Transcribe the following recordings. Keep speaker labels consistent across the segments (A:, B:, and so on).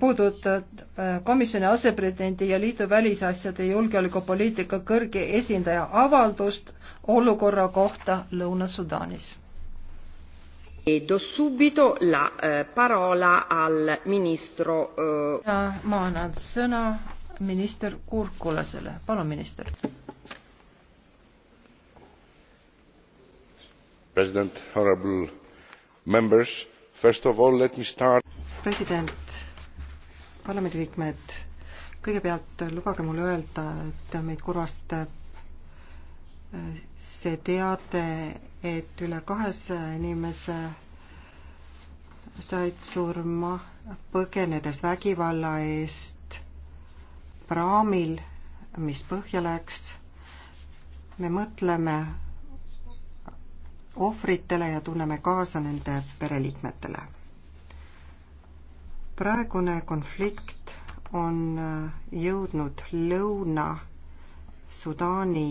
A: puudutavad äh, komisjoni asepresidendi ja liidu välisasjade julgeolekupoliitika kõrge esindaja avaldust olukorra kohta Lõuna-Sudaanis. Do subito la äh, parola al ministro äh. ja ma annan sõna minister Kurkulasele, palun minister.
B: president, honorable members, first of all let me start. president parlamendiliikmed, kõigepealt lubage mul öelda, et meid kurvastab äh, see teade, et üle kahesaja inimese said surma põgenedes vägivalla eest praamil, mis põhja läks. me mõtleme ohvritele ja tunneme kaasa nende pereliikmetele praegune konflikt on äh, jõudnud Lõuna-Sudaani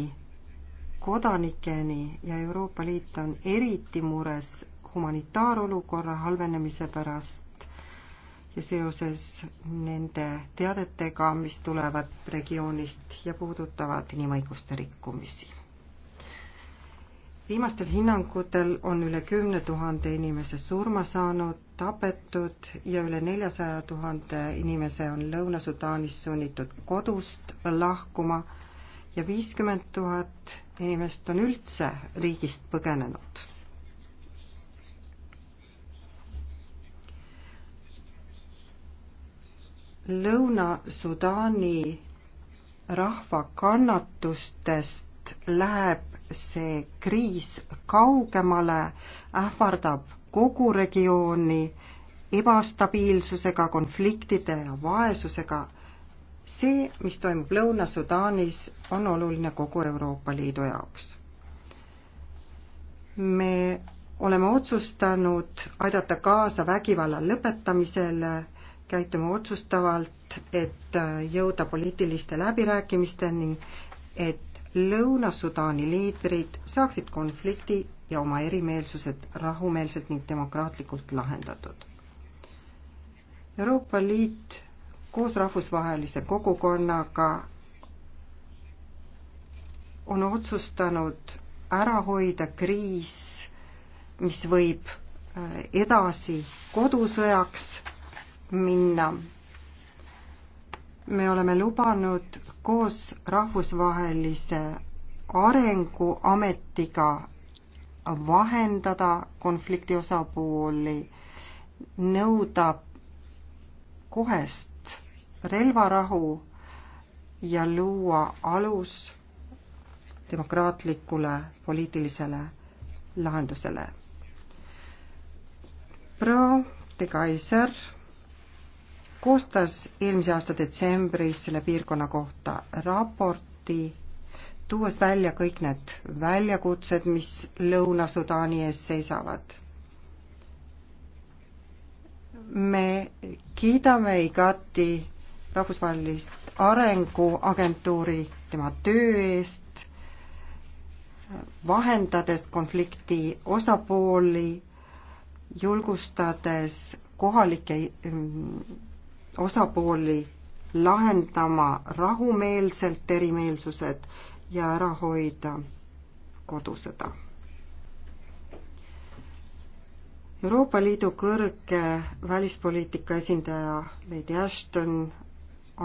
B: kodanikeni ja Euroopa Liit on eriti mures humanitaarolukorra halvenemise pärast ja seoses nende teadetega, mis tulevad regioonist ja puudutavad inimõiguste rikkumisi viimastel hinnangutel on üle kümne tuhande inimese surma saanud, tapetud ja üle neljasaja tuhande inimese on Lõuna-Sudaanis sunnitud kodust lahkuma ja viiskümmend tuhat inimest on üldse riigist põgenenud. Lõuna-Sudaani rahva kannatustest läheb see kriis kaugemale, ähvardab kogu regiooni ebastabiilsusega, konfliktide ja vaesusega. see, mis toimub Lõuna-Sudaanis, on oluline kogu Euroopa Liidu jaoks. me oleme otsustanud aidata kaasa vägivalla lõpetamisele, käitume otsustavalt, et jõuda poliitiliste läbirääkimisteni, et Lõuna-Sudaani liidrid saaksid konflikti ja oma erimeelsused rahumeelselt ning demokraatlikult lahendatud. Euroopa Liit koos rahvusvahelise kogukonnaga on otsustanud ära hoida kriis, mis võib äh, edasi kodusõjaks minna. me oleme lubanud koos rahvusvahelise arenguametiga vahendada konflikti osapooli, nõuda kohest relvarahu ja luua alus demokraatlikule poliitilisele lahendusele. Pro de Kaiser koostas eelmise aasta detsembris selle piirkonna kohta raporti, tuues välja kõik need väljakutsed, mis Lõuna-Sudaani ees seisavad. me kiidame igati rahvusvahelist arenguagentuuri tema töö eest, vahendades konflikti osapooli, julgustades kohalikke osapooli lahendama rahumeelselt erimeelsused ja ära hoida kodusõda. Euroopa Liidu kõrge välispoliitika esindaja Lady Ashton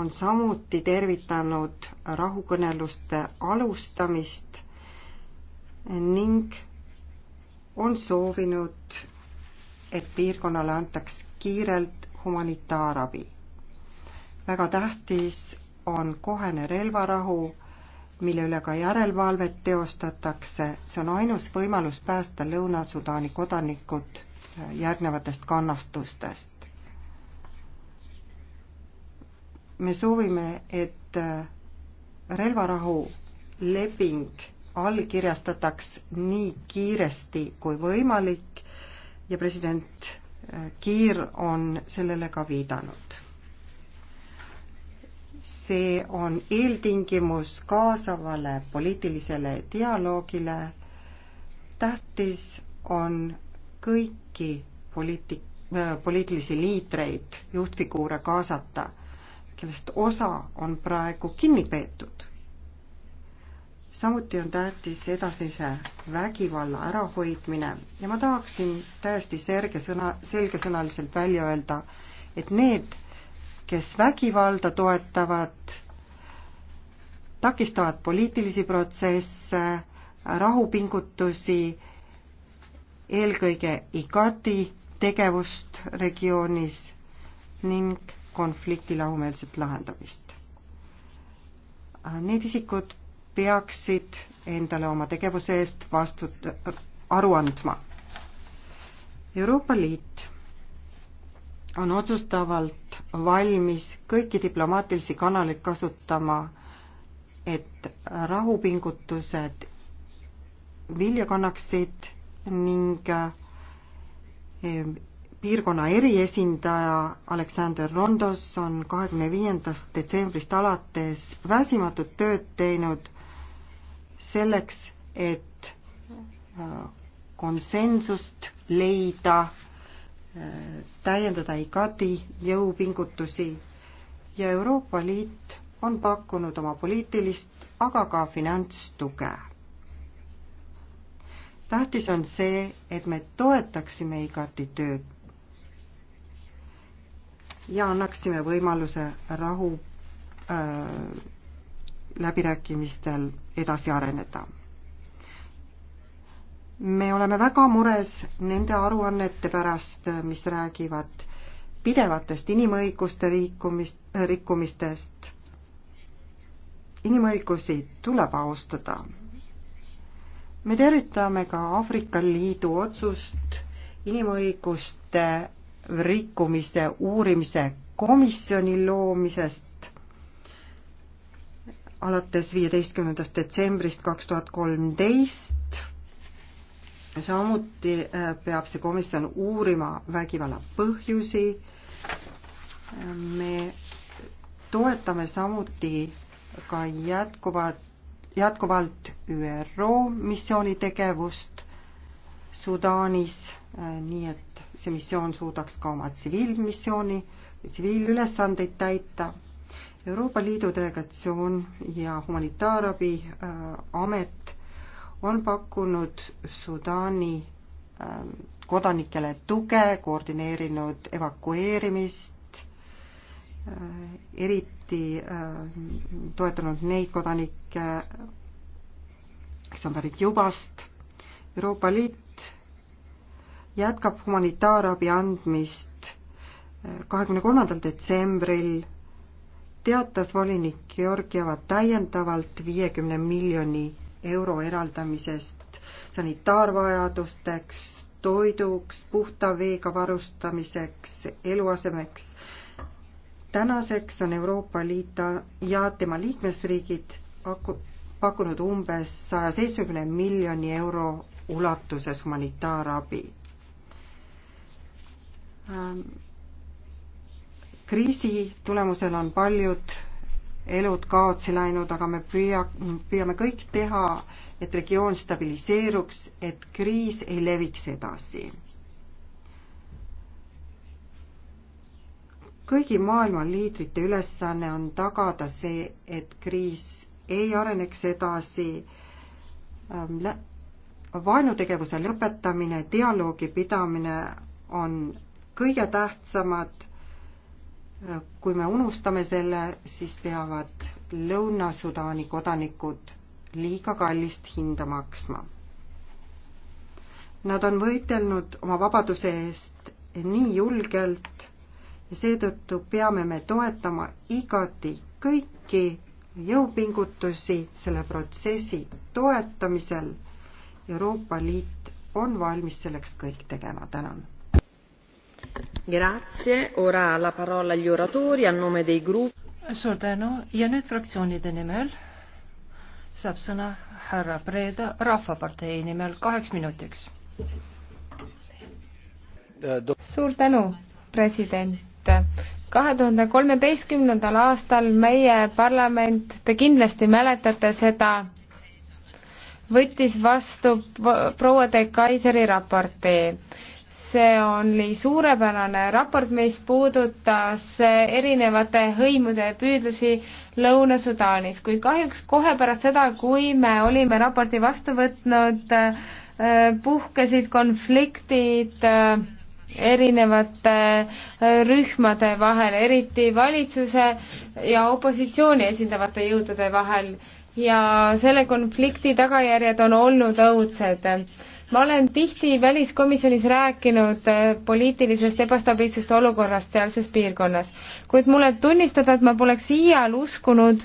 B: on samuti tervitanud rahukõneluste alustamist ning on soovinud, et piirkonnale antaks kiirelt humanitaarabi väga tähtis on kohene relvarahu, mille üle ka järelevalvet teostatakse, see on ainus võimalus päästa Lõuna-Sudaani kodanikud äh, järgnevatest kannastustest. me soovime, et äh, relvarahu leping allkirjastataks nii kiiresti kui võimalik ja president äh, Kiir on sellele ka viidanud see on eeltingimus kaasavale poliitilisele dialoogile. tähtis on kõiki poliitik-, äh, poliitilisi liidreid, juhtfiguure kaasata, kellest osa on praegu kinni peetud. samuti on tähtis edasise vägivalla ärahoidmine ja ma tahaksin täiesti selge sõna, selgesõnaliselt välja öelda, et need, kes vägivalda toetavad, takistavad poliitilisi protsesse, rahupingutusi, eelkõige IGATi tegevust regioonis ning konflikti rahumeelset lahendamist. Need isikud peaksid endale oma tegevuse eest vastut-, aru andma. Euroopa Liit on otsustavalt valmis kõiki diplomaatilisi kanaleid kasutama, et rahupingutused vilja kannaksid ning eh, piirkonna eriesindaja Aleksander Rondos on kahekümne viiendast detsembrist alates väsimatut tööd teinud selleks, et eh, konsensust leida täiendada IGATi jõupingutusi ja Euroopa Liit on pakkunud oma poliitilist, aga ka finantstuge. tähtis on see, et me toetaksime IGATi tööd ja annaksime võimaluse rahu äh, läbirääkimistel edasi areneda me oleme väga mures nende aruannete pärast, mis räägivad pidevatest inimõiguste rikkumist, rikkumistest. inimõigusi tuleb austada. me tervitame ka Aafrika Liidu otsust inimõiguste rikkumise uurimise komisjoni loomisest alates viieteistkümnendast detsembrist kaks tuhat kolmteist samuti äh, peab see komisjon uurima vägivalla põhjusi. me toetame samuti ka jätkuvat, jätkuvalt ÜRO missiooni tegevust Sudaanis, äh, nii et see missioon suudaks ka oma tsiviilmissiooni, tsiviilülesandeid täita. Euroopa Liidu delegatsioon ja humanitaarabi äh, amet on pakkunud Sudaani ähm, kodanikele tuge, koordineerinud evakueerimist, äh, eriti ähm, toetanud neid kodanikke, kes on pärit Jubast. Euroopa Liit jätkab humanitaarabi andmist. Äh, kahekümne kolmandal detsembril teatas volinik Georgieva täiendavalt viiekümne miljoni euro eraldamisest sanitaarvajadusteks, toiduks, puhta veega varustamiseks, eluasemeks. tänaseks on Euroopa Liit ja tema liikmesriigid pakkunud umbes saja seitsmekümne miljoni euro ulatuses humanitaarabi. Ähm, kriisi tulemusel on paljud elud kaotsi läinud, aga me püüa, püüame kõik teha, et regioon stabiliseeruks, et kriis ei leviks edasi. kõigi maailma liidrite ülesanne on tagada see, et kriis ei areneks edasi ähm,. vaenutegevuse lõpetamine, dialoogi pidamine on kõige tähtsamad kui me unustame selle, siis peavad Lõuna-Sudaani kodanikud liiga kallist hinda maksma. Nad on võidelnud oma vabaduse eest nii julgelt ja seetõttu peame me toetama igati kõiki jõupingutusi selle protsessi toetamisel. Euroopa Liit on valmis selleks kõik tegema, tänan
A: suur tänu ja nüüd fraktsioonide nimel saab sõna härra Preeda Rahvapartei nimel kaheks minutiks.
C: suur tänu, president. kahe tuhande kolmeteistkümnendal aastal meie parlament, te kindlasti mäletate seda, võttis vastu proua de Kaiseri raporti see oli suurepärane raport, mis puudutas erinevate hõimude püüdlusi Lõuna-Sudaanis, kuid kahjuks kohe pärast seda, kui me olime raporti vastu võtnud, äh, puhkesid konfliktid äh, erinevate äh, rühmade vahel, eriti valitsuse ja opositsiooni esindavate jõudude vahel ja selle konflikti tagajärjed on olnud õudsed ma olen tihti väliskomisjonis rääkinud äh, poliitilisest ebastabiilsest olukorrast sealses piirkonnas, kuid mulle tunnistada, et ma poleks iial uskunud,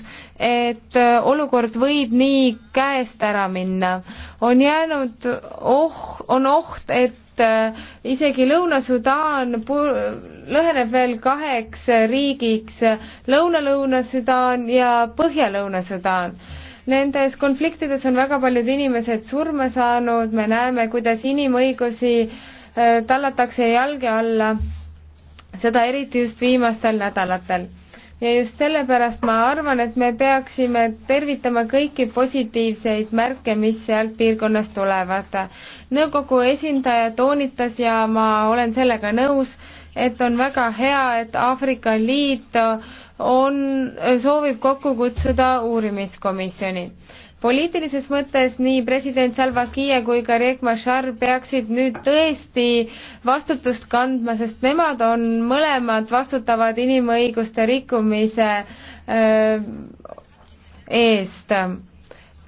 C: et äh, olukord võib nii käest ära minna. on jäänud oh, on oht, et äh, isegi Lõuna-Sudaan lõheneb veel kaheks riigiks Lõuna, Lõuna-Lõuna-Sudaan ja Põhja-Lõuna-Sudaan Nendes konfliktides on väga paljud inimesed surma saanud, me näeme, kuidas inimõigusi äh, tallatakse jalge alla, seda eriti just viimastel nädalatel. ja just sellepärast ma arvan, et me peaksime tervitama kõiki positiivseid märke, mis sealt piirkonnast tulevad. nõukogu esindaja toonitas ja ma olen sellega nõus, et on väga hea, et Aafrika Liit on, soovib kokku kutsuda uurimiskomisjoni. poliitilises mõttes nii president Salva Kiie kui ka Riek Machar peaksid nüüd tõesti vastutust kandma, sest nemad on mõlemad vastutavad inimõiguste rikkumise öö, eest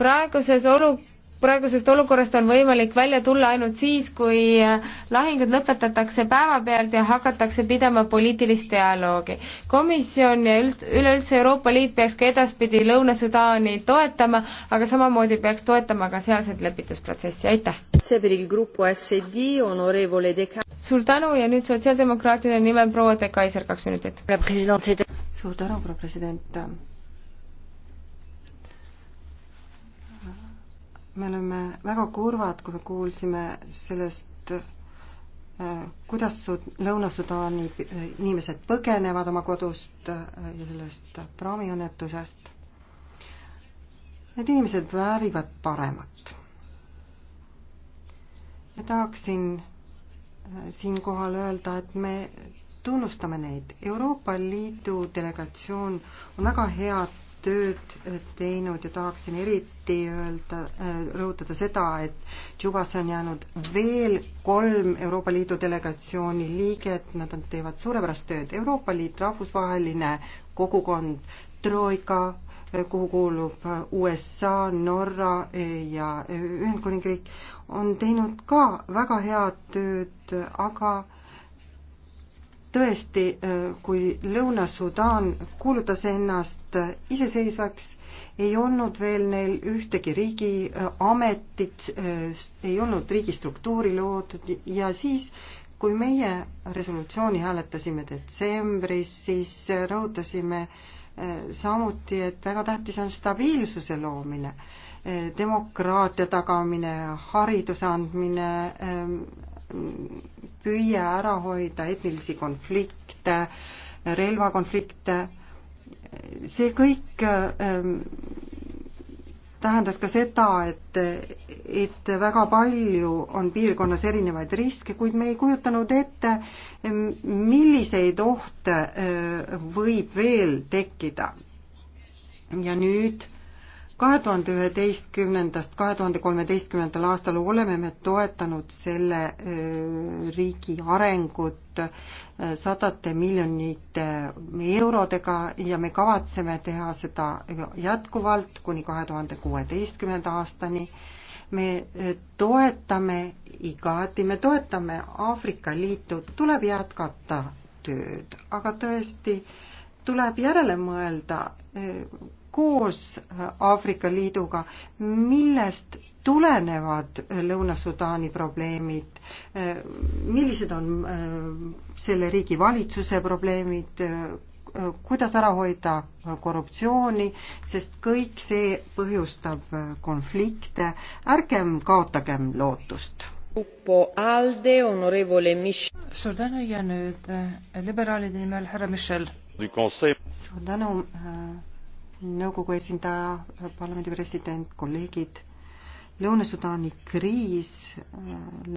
C: praeguses olu-, praegusest olukorrast on võimalik välja tulla ainult siis, kui äh, lahingud lõpetatakse päevapealt ja hakatakse pidama poliitilist dialoogi. komisjon ja üld, üleüldse Euroopa Liit peaks ka edaspidi Lõuna-Sudaani toetama, aga samamoodi peaks toetama ka sealset lepitusprotsessi, aitäh! suur tänu ja nüüd sotsiaaldemokraatide nimel proua De Kaiser, kaks minutit.
B: suur tänu, proua president! me oleme väga kurvad, kui me kuulsime sellest, äh, kuidas Lõuna-Sudaani äh, inimesed põgenevad oma kodust äh, ja sellest praamiõnnetusest. Need inimesed väärivad paremat. ja tahaksin siinkohal öelda, et me tunnustame neid. Euroopa Liidu delegatsioon on väga head tööd äh, teinud ja tahaksin eriti öelda, äh, rõhutada seda, et Tšubas on jäänud veel kolm Euroopa Liidu delegatsiooni liiget, nad on, teevad suurepärast tööd. Euroopa Liit, rahvusvaheline kogukond, Troika, äh, kuhu kuulub USA, Norra ja Ühendkuningriik, on teinud ka väga head tööd, aga tõesti, kui Lõuna-Sudaan kuulutas ennast iseseisvaks, ei olnud veel neil ühtegi riigiametit, äh, äh, ei olnud riigistruktuuri loodud ja siis, kui meie resolutsiooni hääletasime detsembris, siis rõhutasime äh, samuti, et väga tähtis on stabiilsuse loomine, demokraatia tagamine, hariduse andmine, ähm, püüe ära hoida etnilisi konflikte, relvakonflikte, see kõik ähm, tähendas ka seda, et, et väga palju on piirkonnas erinevaid riske, kuid me ei kujutanud ette, ähm, milliseid ohte äh, võib veel tekkida. ja nüüd kahe tuhande üheteistkümnendast kahe tuhande kolmeteistkümnendal aastal oleme me toetanud selle riigi arengut sadade miljonite eurodega ja me kavatseme teha seda jätkuvalt kuni kahe tuhande kuueteistkümnenda aastani. me toetame igati, me toetame Aafrika Liitu, tuleb jätkata tööd, aga tõesti tuleb järele mõelda koos äh, Aafrika Liiduga, millest tulenevad Lõuna-Sudaani probleemid, äh, millised on äh, selle riigi valitsuse probleemid, kuidas ära hoida korruptsiooni, sest kõik see põhjustab konflikte, ärgem kaotagem lootust.
A: suur tänu ja nüüd liberaalide nimel härra Michel.
B: suur tänu äh, nõukogu esindaja, parlamendi president, kolleegid. Lõuna-Sudaani kriis äh,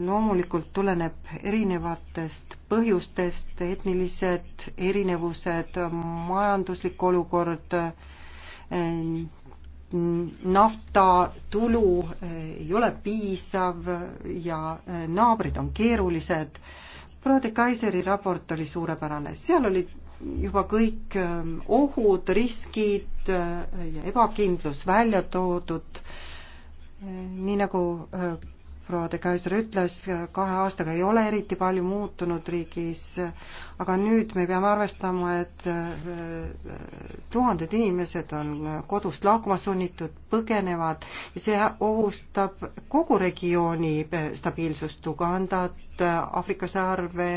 B: loomulikult tuleneb erinevatest põhjustest, etnilised erinevused, majanduslik olukord, äh, nafta tulu äh, ei ole piisav ja naabrid on keerulised. Prode Kaiseri raport oli suurepärane, seal olid juba kõik ohud, riskid, ja ebakindlus välja toodud. nii nagu äh, proua de Kaiser ütles, kahe aastaga ei ole eriti palju muutunud riigis, aga nüüd me peame arvestama, et äh, tuhanded inimesed on kodust lahkuma sunnitud, põgenevad ja see ohustab kogu regiooni stabiilsust, Ugandat, Aafrika sarve,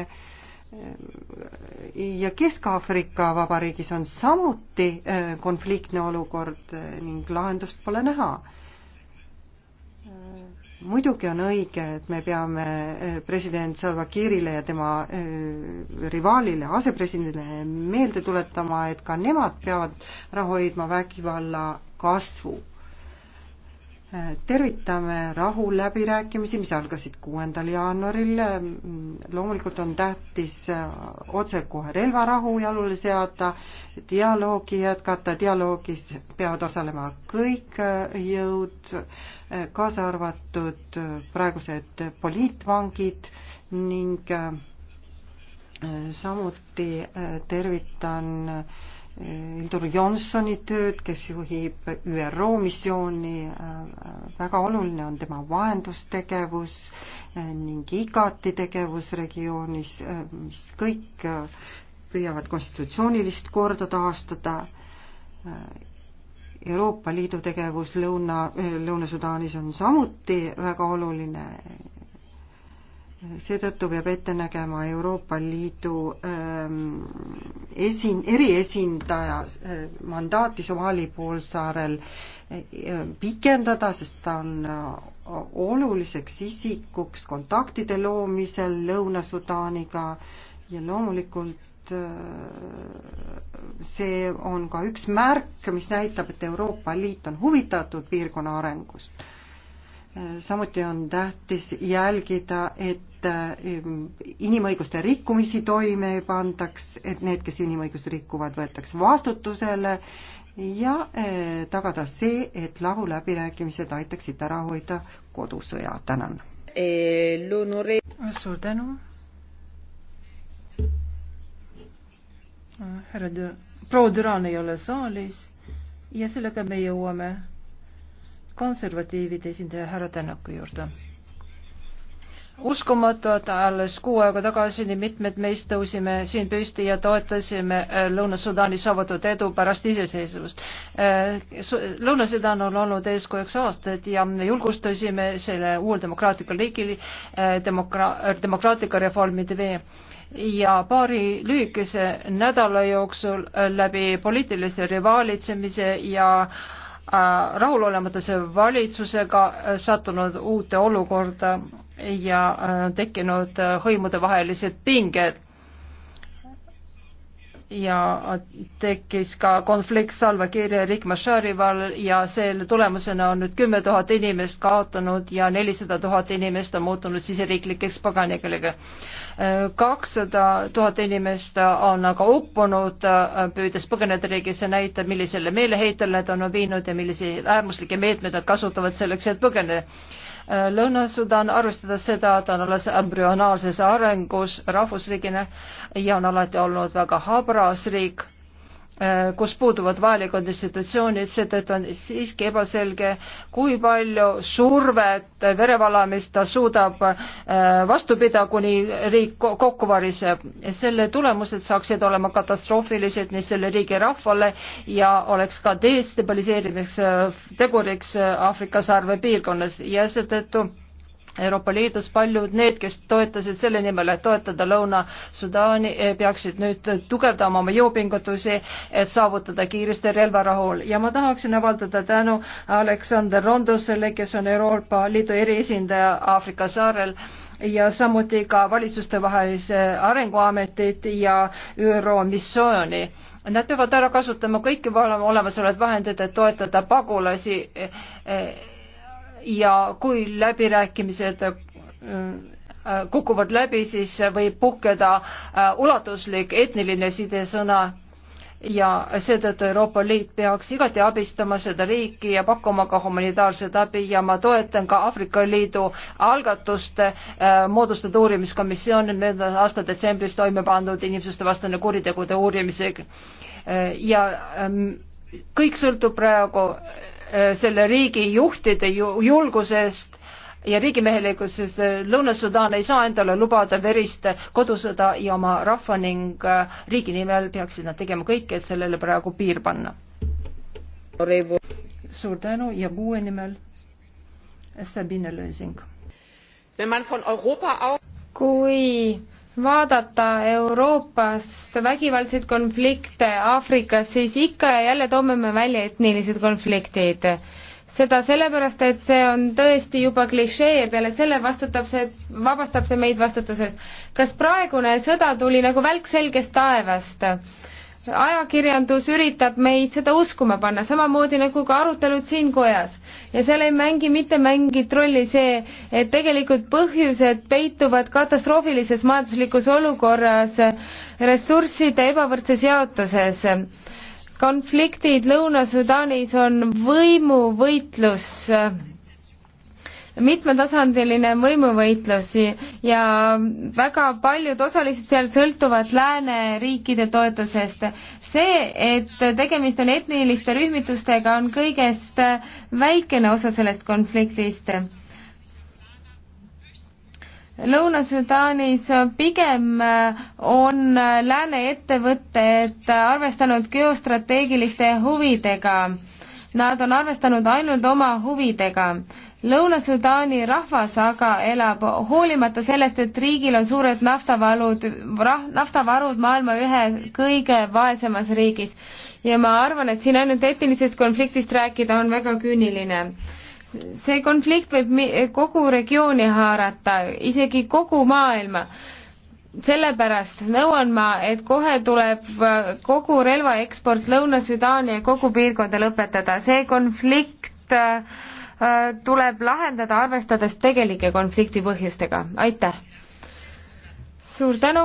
B: ja Kesk-Aafrika Vabariigis on samuti äh, konfliktne olukord äh, ning lahendust pole näha. Äh, muidugi on õige, et me peame president Salva Kiirile ja tema rivaalile, asepresidendile meelde tuletama, et ka nemad peavad ära hoidma vägivalla kasvu tervitame rahuläbirääkimisi, mis algasid kuuendal jaanuaril. loomulikult on tähtis otsekohe relvarahu jalule seada, dialoogi jätkata, dialoogis peavad osalema kõik jõud, kaasa arvatud praegused poliitvangid ning samuti tervitan Hildur Johnsoni tööd, kes juhib ÜRO missiooni, väga oluline on tema vahendustegevus ning igati tegevus regioonis, mis kõik püüavad konstitutsioonilist korda taastada. Euroopa Liidu tegevus Lõuna, Lõuna-Sudaanis on samuti väga oluline seetõttu peab ette nägema Euroopa Liidu ähm, esin-, eriesindaja eh, mandaati Somaali poolsaarel eh, pikendada, sest ta on eh, oluliseks isikuks kontaktide loomisel Lõuna-Sudaaniga ja loomulikult see on ka üks märk, mis näitab, et Euroopa Liit on huvitatud piirkonna arengust samuti on tähtis jälgida, et äh, inimõiguste rikkumisi toime ei pandaks, et need, kes inimõigusi rikuvad, võetakse vastutusele ja äh, tagada see, et rahuläbirääkimised aitaksid ära hoida kodusõja. tänan.
A: suur tänu. härra, proua Düran ei ole saalis ja sellega me jõuame konservatiivide esindaja härra Tänaku juurde. uskumatu, et alles kuu aega tagasi nii mitmed meist tõusime siin püsti ja toetasime äh, Lõuna-Sudaani saavutatud edu pärast iseseisvust. Äh, Lõuna-Sudaan on olnud eeskujuks aastaid ja me julgustasime selle uuel demokraatlikul riigil äh, demokra-, demokraatika reformide vee ja paari lühikese nädala jooksul läbi poliitilise rivaalitsemise ja äh, Äh, rahulolematuse valitsusega äh, sattunud uute olukorda ja äh, tekkinud hõimude vahelised pinged ja tekkis ka konflikt Salva Kiiri ja Rick Machari vahel ja selle tulemusena on nüüd kümme tuhat inimest kaotanud ja nelisada tuhat inimest on muutunud siseriiklikeks paganikega. kakssada tuhat inimest on aga uppunud, püüdes põgeneda riigi, see näitab, millisele meeleheitel nad on viinud ja milliseid äärmuslikke meetmeid nad kasutavad selleks, et põgeneda Äh, Lõuna-Sudan, arvestades seda, et ta on alles embrüonaalses arengus rahvusriigina ja on alati olnud väga habras riik Äh, kus puuduvad vajalikud institutsioonid, seetõttu on siiski ebaselge, kui palju survet, verevalamist ta suudab äh, vastu pida, kuni riik kokku variseb. selle tulemused saaksid olema katastroofilised nii selle riigi rahvale ja oleks ka destabiliseerimiseks äh, teguriks Aafrika sarve piirkonnas ja seetõttu Euroopa Liidus paljud need, kes toetasid selle nimel, et toetada Lõuna-Sudaani, eh, peaksid nüüd tugevdama oma jõupingutusi, et saavutada kiiresti relvarahul ja ma tahaksin avaldada tänu Aleksander Rondusele, kes on Euroopa Liidu eriesindaja Aafrika saarel ja samuti ka valitsustevahelise arenguametit ja ÜRO missiooni Nad peavad ära kasutama kõiki olemasolevad vahendid, et toetada pagulasi eh, eh, ja kui läbirääkimised äh, kukuvad läbi, siis võib puhkeda äh, ulatuslik etniline sidesõna ja seetõttu Euroopa Liit peaks igati abistama seda riiki ja pakkuma ka humanitaarset abi ja ma toetan ka Aafrika Liidu algatust äh, moodustada uurimiskomisjon möödunud aasta detsembris toime pandud inimsustevastane kuritegude uurimisega äh,. ja ähm, kõik sõltub praegu äh, Äh, selle riigi juhtide julgusest ja riigimehelikkusest. Lõuna-Sudaan ei saa endale lubada verist kodusõda ja oma rahva ning äh, riigi nimel peaksid nad tegema kõike, et sellele praegu piir panna. suur tänu ja kuue nimel Sabine Lösing.
C: kui vaadata Euroopast vägivaldseid konflikte Aafrikas, siis ikka ja jälle toome me välja etnilised konfliktid. seda sellepärast, et see on tõesti juba klišee ja peale selle vastutab see, vabastab see meid vastutusest. kas praegune sõda tuli nagu välk selgest taevast? ajakirjandus üritab meid seda uskuma panna, samamoodi nagu ka arutelud siin kojas. ja seal ei mängi mitte mängit rolli see, et tegelikult põhjused peituvad katastroofilises majanduslikus olukorras, ressursside ebavõrdses jaotuses. konfliktid Lõuna-Sudaanis on võimuvõitlus mitmetasandiline võimuvõitlus ja väga paljud osalised seal sõltuvad lääneriikide toetusest. see, et tegemist on etniliste rühmitustega, on kõigest väikene osa sellest konfliktist. Lõuna-Sudaanis pigem on lääne ettevõtted arvestanud geostrateegiliste huvidega. Nad on arvestanud ainult oma huvidega Lõuna-Sudaani rahvas aga elab hoolimata sellest, et riigil on suured naftavalud, naftavarud maailma ühe kõige vaesemas riigis. ja ma arvan, et siin ainult etnilisest konfliktist rääkida on väga küüniline. see konflikt võib kogu regiooni haarata, isegi kogu maailma. sellepärast nõuan ma, et kohe tuleb kogu relvaeksport Lõuna-Sudaani ja kogu piirkonda lõpetada. see konflikt äh, Äh, tuleb lahendada, arvestades tegelike konflikti põhjustega, aitäh! suur tänu!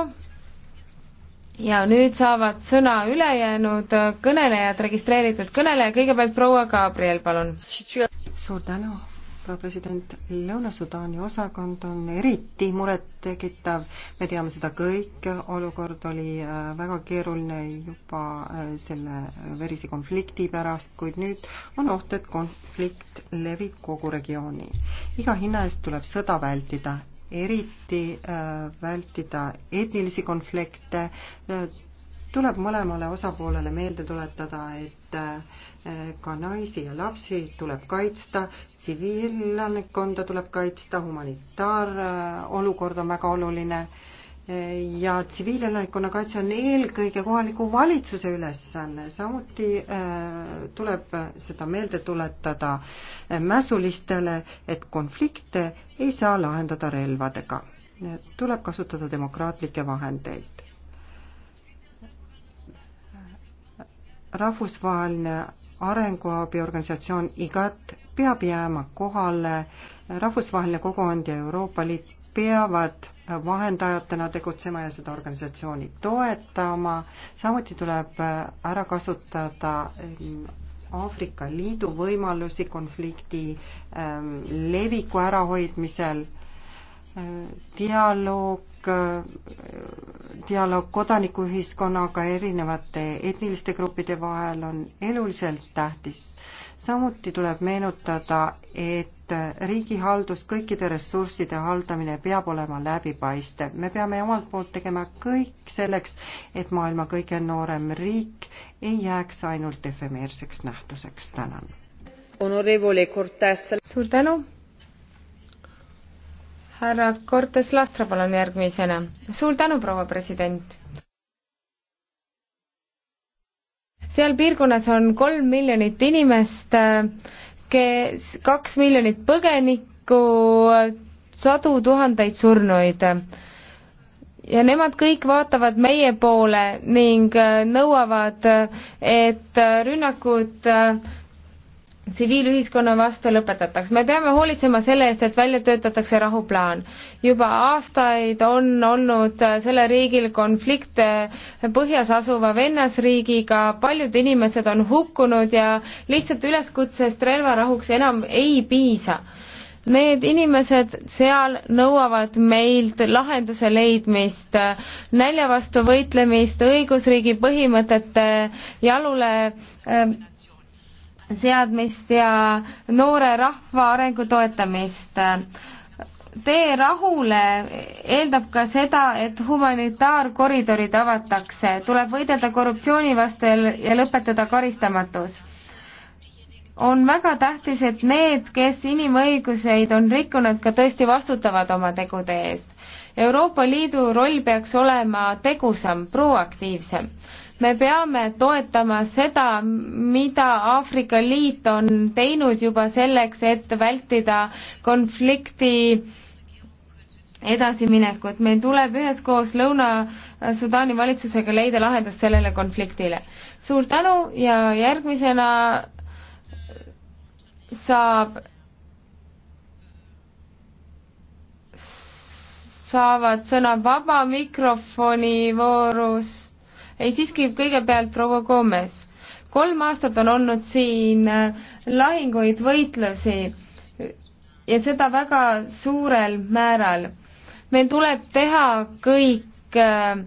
C: ja nüüd saavad sõna ülejäänud
B: kõnelejad, registreeritud kõneleja, kõigepealt proua Gabriel, palun! suur tänu! proua president, Lõuna-Sudaani osakond on eriti murettekitav, me teame seda kõik, olukord oli äh, väga keeruline juba äh, selle verise konflikti pärast, kuid nüüd on oht, et konflikt levib kogu regiooni. iga hinna eest tuleb sõda vältida, eriti äh, vältida etnilisi konflikte, tuleb mõlemale osapoolele meelde tuletada, et äh, ka naisi ja lapsi tuleb kaitsta, tsiviilannikkonda tuleb kaitsta, humanitaarolukord on väga oluline äh, ja tsiviilelanikkonna kaitse on eelkõige kohaliku valitsuse ülesanne, samuti äh, tuleb seda meelde tuletada mässulistele, et konflikte ei saa lahendada relvadega. tuleb kasutada demokraatlikke vahendeid rahvusvaheline arenguabiorganisatsioon IGAT peab jääma kohale, rahvusvaheline kogukond ja Euroopa Liit peavad vahendajatena tegutsema ja seda organisatsiooni toetama, samuti tuleb ära kasutada Aafrika Liidu võimalusi konflikti ähm, leviku ärahoidmisel dialoog, dialoog kodanikuühiskonnaga erinevate etniliste gruppide vahel on eluliselt tähtis. samuti tuleb meenutada, et riigihaldus, kõikide ressursside haldamine peab olema läbipaistev. me peame omalt poolt tegema kõik selleks, et maailma kõige noorem riik ei jääks ainult efemeerseks nähtuseks. tänan.
C: suur tänu härra Cortes Lastra, palun järgmisena. suur tänu, proua president! seal piirkonnas on kolm miljonit inimest, kes, kaks miljonit põgenikku, sadu tuhandeid surnuid. ja nemad kõik vaatavad meie poole ning nõuavad, et rünnakud tsiviilühiskonna vastu lõpetataks. me peame hoolitsema selle eest, et välja töötatakse rahuplaan. juba aastaid on olnud sellel riigil konflikte põhjas asuva vennasriigiga, paljud inimesed on hukkunud ja lihtsalt üleskutsest relvarahuks enam ei piisa. Need inimesed seal nõuavad meilt lahenduse leidmist, nälja vastu võitlemist, õigusriigi põhimõtete jalule äh, seadmist ja noore rahva arengu toetamist. tee rahule eeldab ka seda, et humanitaarkoridorid avatakse, tuleb võidelda korruptsiooni vastu ja lõpetada karistamatus. on väga tähtis, et need, kes inimõiguseid on rikkunud, ka tõesti vastutavad oma tegude eest. Euroopa Liidu roll peaks olema tegusam, proaktiivsem me peame toetama seda, mida Aafrika Liit on teinud juba selleks, et vältida konflikti edasiminekut, meil tuleb üheskoos Lõuna-Sudaani valitsusega leida lahendus sellele konfliktile. suur tänu ja järgmisena saab, saavad sõna vaba mikrofoni voorus ei, siiski kõigepealt proua Gomes. kolm aastat on olnud siin äh, lahinguid, võitlusi ja seda väga suurel määral. meil tuleb teha kõik äh,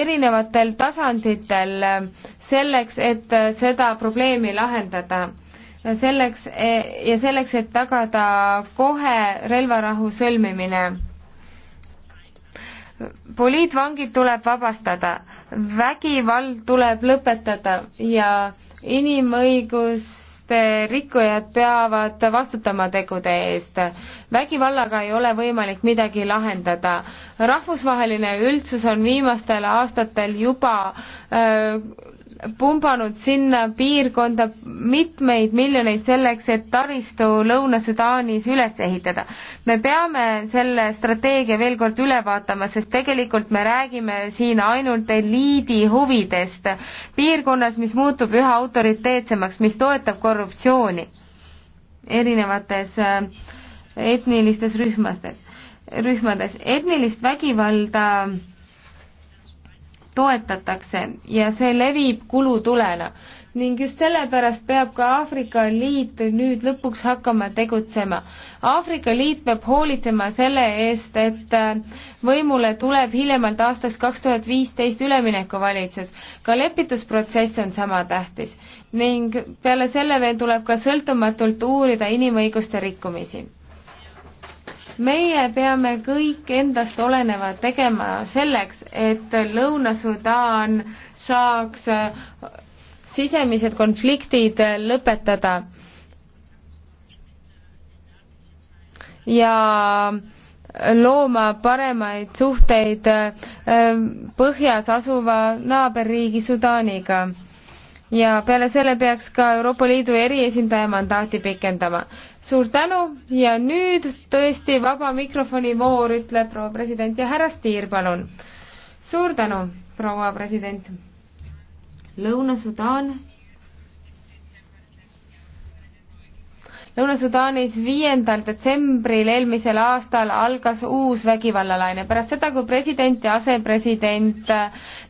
C: erinevatel tasanditel äh, selleks, et äh, seda probleemi lahendada. selleks ja selleks, et tagada kohe relvarahu sõlmimine poliitvangid tuleb vabastada, vägivald tuleb lõpetada ja inimõiguste rikkujad peavad vastutama tegude eest. vägivallaga ei ole võimalik midagi lahendada. rahvusvaheline üldsus on viimastel aastatel juba öö, äh, pumbanud sinna piirkonda mitmeid miljoneid selleks, et taristu Lõuna-Sudaanis üles ehitada. me peame selle strateegia veel kord üle vaatama, sest tegelikult me räägime siin ainult eliidi huvidest piirkonnas, mis muutub üha autoriteetsemaks, mis toetab korruptsiooni erinevates äh, etnilistes rühmastes, rühmades. etnilist vägivalda toetatakse ja see levib kulutulena. ning just sellepärast peab ka Aafrika Liit nüüd lõpuks hakkama tegutsema. Aafrika Liit peab hoolitsema selle eest, et äh, võimule tuleb hiljemalt aastaks kaks tuhat viisteist üleminekuvalitsus. ka lepitusprotsess on sama tähtis ning peale selle veel tuleb ka sõltumatult uurida inimõiguste rikkumisi meie peame kõik endast oleneva tegema selleks, et Lõuna-Sudaan saaks äh, sisemised konfliktid äh, lõpetada. ja äh, looma paremaid suhteid põhjas asuva naaberriigi Sudaaniga ja peale selle peaks ka Euroopa Liidu eriesindaja mandaati pikendama. suur tänu ja nüüd tõesti vaba mikrofoni voor, ütleb proua president ja härra Stier, palun. suur tänu, proua president. Lõuna-Sudaan. Lõuna-Sudaanis viiendal detsembril eelmisel aastal algas uus vägivallalaine pärast seda, kui president ja asepresident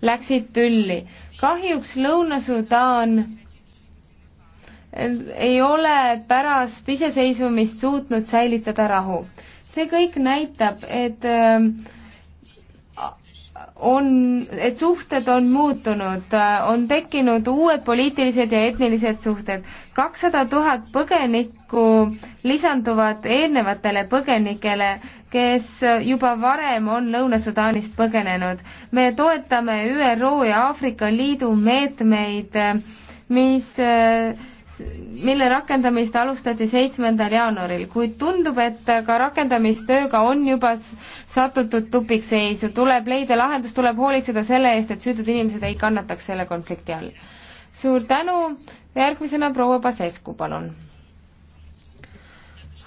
C: läksid tülli kahjuks Lõuna-Sudaan ei ole pärast iseseisvumist suutnud säilitada rahu. see kõik näitab, et ähm, on, et suhted on muutunud, on tekkinud uued poliitilised ja etnilised suhted. kakssada tuhat põgenikku lisanduvad eelnevatele põgenikele, kes juba varem on Lõuna-Sudaanist põgenenud. me toetame ÜRO ja Aafrika Liidu meetmeid, mis äh, mille rakendamist alustati seitsmendal jaanuaril, kuid tundub, et ka rakendamistööga on juba satutud tupikseisu, tuleb leida lahendus, tuleb hoolitseda selle eest, et süütud inimesed ei kannataks selle konflikti all. suur tänu, järgmisena proua Pasescu, palun.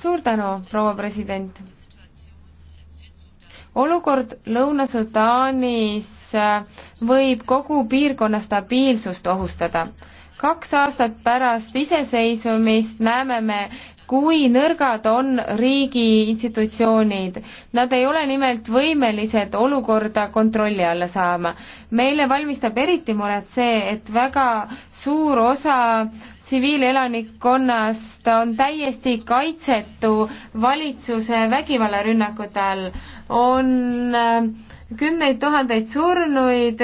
C: suur tänu, proua president. olukord Lõuna-Sudaanis äh, võib kogu piirkonna stabiilsust ohustada kaks aastat pärast iseseisvumist näeme me, kui nõrgad on riigi institutsioonid. Nad ei ole nimelt võimelised olukorda kontrolli alla saama. meile valmistab eriti muret see, et väga suur osa tsiviilelanikkonnast on täiesti kaitsetu valitsuse vägivallarünnakute all. on äh, kümneid tuhandeid surnuid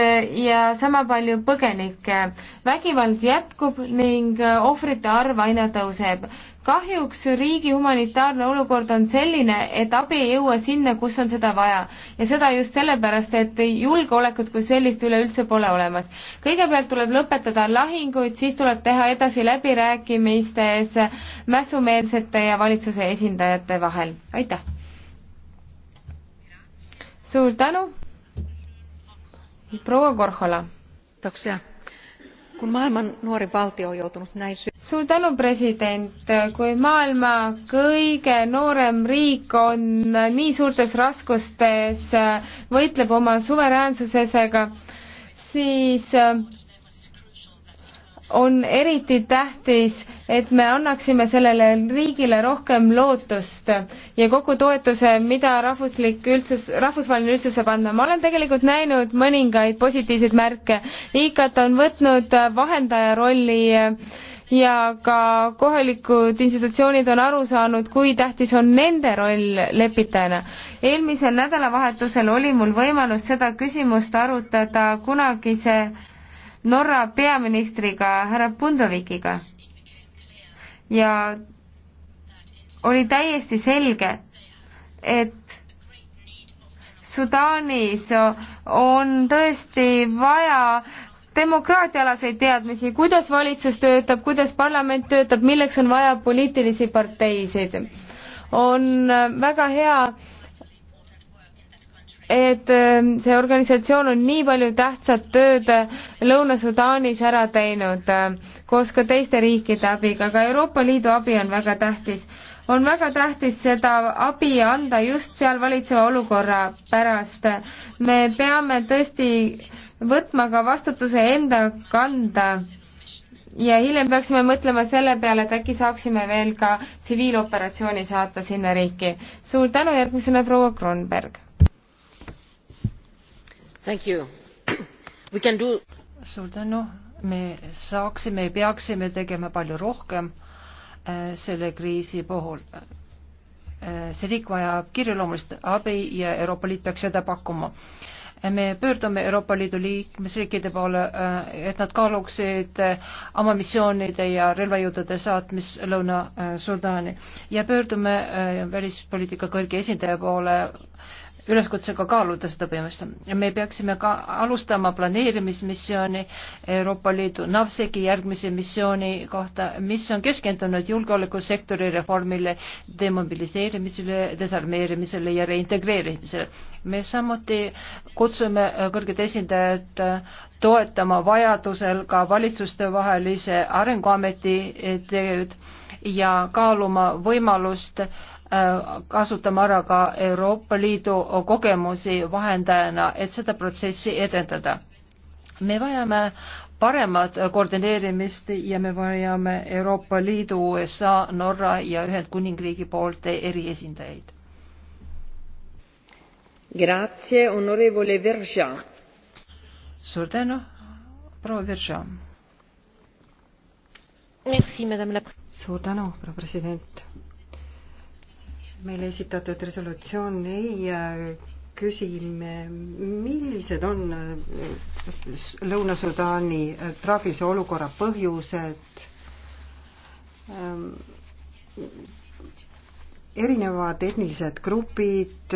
C: ja sama palju põgenikke. vägivald jätkub ning äh, ohvrite arv aina tõuseb kahjuks riigi humanitaarne olukord on selline, et abi ei jõua sinna, kus on seda vaja. ja seda just sellepärast, et julgeolekut kui sellist üleüldse pole olemas. kõigepealt tuleb lõpetada lahinguid, siis tuleb teha edasi läbirääkimistes mässumeelsete ja valitsuse esindajate vahel. aitäh! suur tänu! proua Korhola. aitäh! kun maailman nuorin valtio on joutunut näin sy- suur tänu, president. kui maailma kõige noorem riik on nii suurtes raskustes, võitleb oma suveräänsusesega, siis on eriti tähtis, et me annaksime sellele riigile rohkem lootust ja kogu toetuse, mida rahvuslik üldsus, rahvusvaheline üldsus saab andma. ma olen tegelikult näinud mõningaid positiivseid märke. IKAT on võtnud vahendaja rolli ja ka kohalikud institutsioonid on aru saanud, kui tähtis on nende roll lepitajana. eelmisel nädalavahetusel oli mul võimalus seda küsimust arutada kunagise Norra peaministriga härra Pundovikiga ja oli täiesti selge, et Sudaanis on tõesti vaja demokraatiaalaseid teadmisi, kuidas valitsus töötab, kuidas parlament töötab, milleks on vaja poliitilisi parteisid. on väga hea, et ähm, see organisatsioon on nii palju tähtsat tööd Lõuna-Sudaanis ära teinud ähm, koos ka teiste riikide abiga, aga Euroopa Liidu abi on väga tähtis. on väga tähtis seda abi anda just seal valitseva olukorra pärast. me peame tõesti võtma ka vastutuse enda kanda ja hiljem peaksime mõtlema selle peale, et äkki saaksime veel ka tsiviiloperatsiooni saata sinna riiki. suur tänu, järgmisena proua Kronberg
A: Do... suur tänu, me saaksime ja peaksime tegema palju rohkem äh, selle kriisi puhul äh,. see riik vajab kirjaloomulist abi ja Euroopa Liit peaks seda pakkuma äh, me pöördume Euroopa Liidu liikmesriikide poole, äh, et nad kaaluksid äh, oma missioonide ja relvajõudude saatmist Lõuna-Sudaani ja pöördume välispoliitika kõrge esindaja poole üleskutsega kaaluda seda põhimõtteliselt. ja me peaksime ka alustama planeerimismissiooni Euroopa Liidu NAVSEC-i järgmise missiooni kohta, mis on keskendunud julgeolekusektori reformile, demobiliseerimisele, desarmeerimisele ja reintegreerimisele. me samuti kutsume kõrged esindajad toetama vajadusel ka valitsustevahelise arenguameti tööd ja kaaluma võimalust Äh, kasutama ära ka Euroopa Liidu kogemusi vahendajana, et seda protsessi edendada. me vajame paremat koordineerimist ja me vajame Euroopa Liidu, USA, Norra ja Ühendkuningriigi poolt eriesindajaid. Grazie, onorevole Verja. suur tänu, proua Verja.
B: Merci, madame la. suur tänu, proua president meile esitatud resolutsioon ei äh, küsime, millised on äh, Lõuna-Sudaani äh, traagilise olukorra põhjused ähm, erinevad etnilised grupid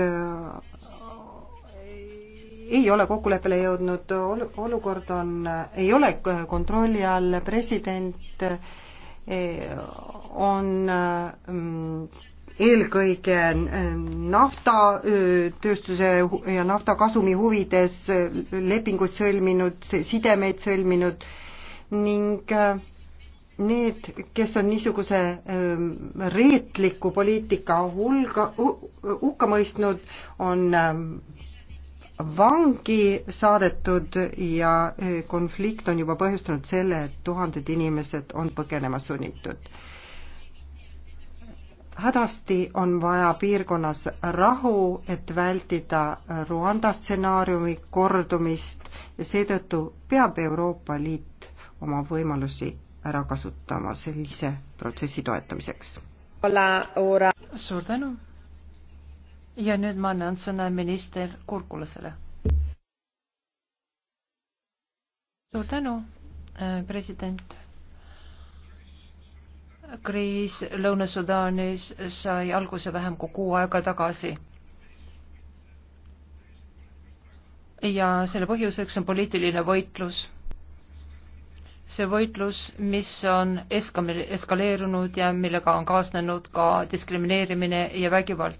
B: ei ole kokkuleppele jõudnud, olukord on, ei ole kontrolli all, president on mm, eelkõige naftatööstuse ja naftakasumi huvides lepinguid sõlminud, sidemeid sõlminud ning need, kes on niisuguse reetliku poliitika hulga, hukka mõistnud, on vangi saadetud ja konflikt on juba põhjustanud selle, et tuhanded inimesed on põgenema sunnitud hädasti on vaja piirkonnas rahu, et vältida Rwanda stsenaariumi kordumist ja seetõttu peab Euroopa Liit oma võimalusi ära kasutama sellise protsessi toetamiseks.
A: suur tänu. ja nüüd ma annan sõna minister Kurkulasele. suur tänu, äh, president kriis Lõuna-Sudaanis sai alguse vähem kui kuu aega tagasi. ja selle põhjuseks on poliitiline võitlus. see võitlus, mis on eskaleerunud ja millega on kaasnenud ka diskrimineerimine ja vägivald.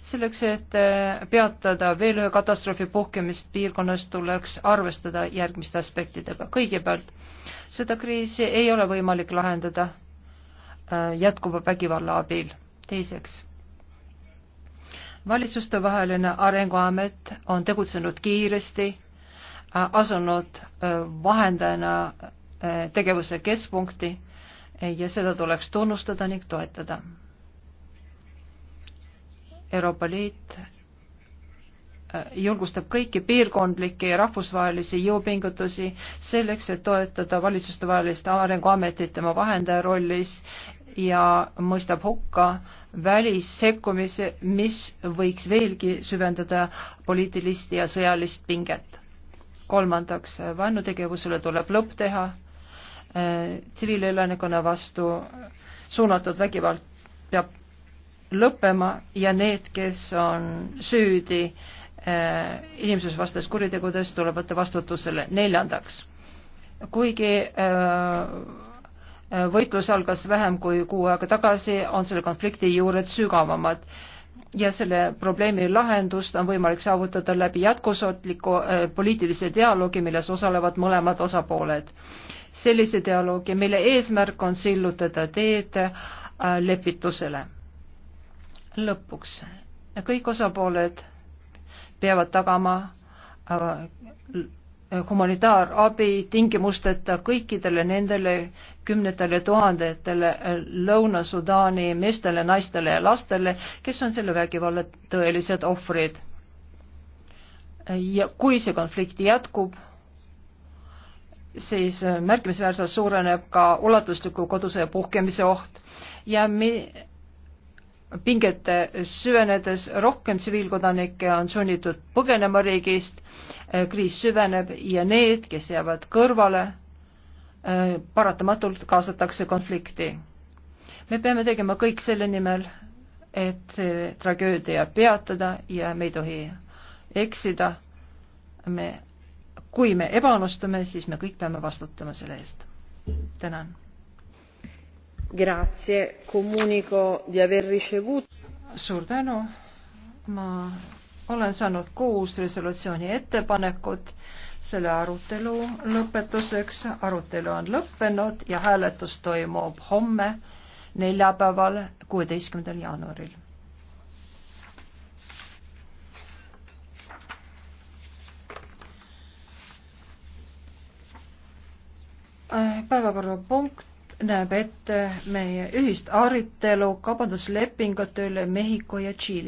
A: selleks, et äh, peatada veel ühe katastroofi puhkemist piirkonnas, tuleks arvestada järgmiste aspektidega. kõigepealt, seda kriisi ei ole võimalik lahendada Äh, jätkuva vägivalla abil. teiseks, valitsustevaheline Arenguamet on tegutsenud kiiresti, äh, asunud äh, vahendajana tegevuse keskpunkti ja seda tuleks tunnustada ning toetada. Euroopa Liit julgustab kõiki piirkondlikke ja rahvusvahelisi jõupingutusi selleks, et toetada valitsustevahelist arenguametit tema vahendaja rollis ja mõistab hukka välissekkumise, mis võiks veelgi süvendada poliitilist ja sõjalist pinget. kolmandaks, vaenutegevusele tuleb lõpp teha, äh, tsiviilelanikkonna vastu suunatud vägivald peab lõppema ja need, kes on süüdi äh, inimsusvastastes kuritegudes, tuleb võtta vastutusele. neljandaks, kuigi äh, võitlus algas vähem kui kuu aega tagasi, on selle konflikti juured sügavamad ja selle probleemi lahendust on võimalik saavutada läbi jätkusuutliku äh, poliitilise dialoogi, milles osalevad mõlemad osapooled. sellise dialoogi, mille eesmärk on sillutada teed äh, lepitusele. lõpuks, kõik osapooled peavad tagama äh, humanitaarabi tingimusteta kõikidele nendele kümnetele tuhandetele Lõuna-Sudaani meestele, naistele ja lastele, kes on selle vägivalla tõelised ohvrid. ja kui see konflikt jätkub, siis märkimisväärselt suureneb ka ulatusliku kodusõja puhkemise oht ja me pingete süvenedes rohkem tsiviilkodanikke on sunnitud põgenema riigist, äh, kriis süveneb ja need, kes jäävad kõrvale, äh, paratamatult kaasatakse konflikti. me peame tegema kõik selle nimel, et see tragöödia peatada ja me ei tohi eksida. me, kui me ebaõnnestume, siis me kõik peame vastutama selle eest. tänan comunico di aver ricevuto. suur tänu, ma olen saanud kuus resolutsiooni ettepanekut selle arutelu lõpetuseks. arutelu on lõppenud ja hääletus toimub homme, neljapäeval, kuueteistkümnendal jaanuaril. päevakorrapunkt näeb ette meie ühist arutelu kaubanduslepingute üle Mehhiko ja Tšiili.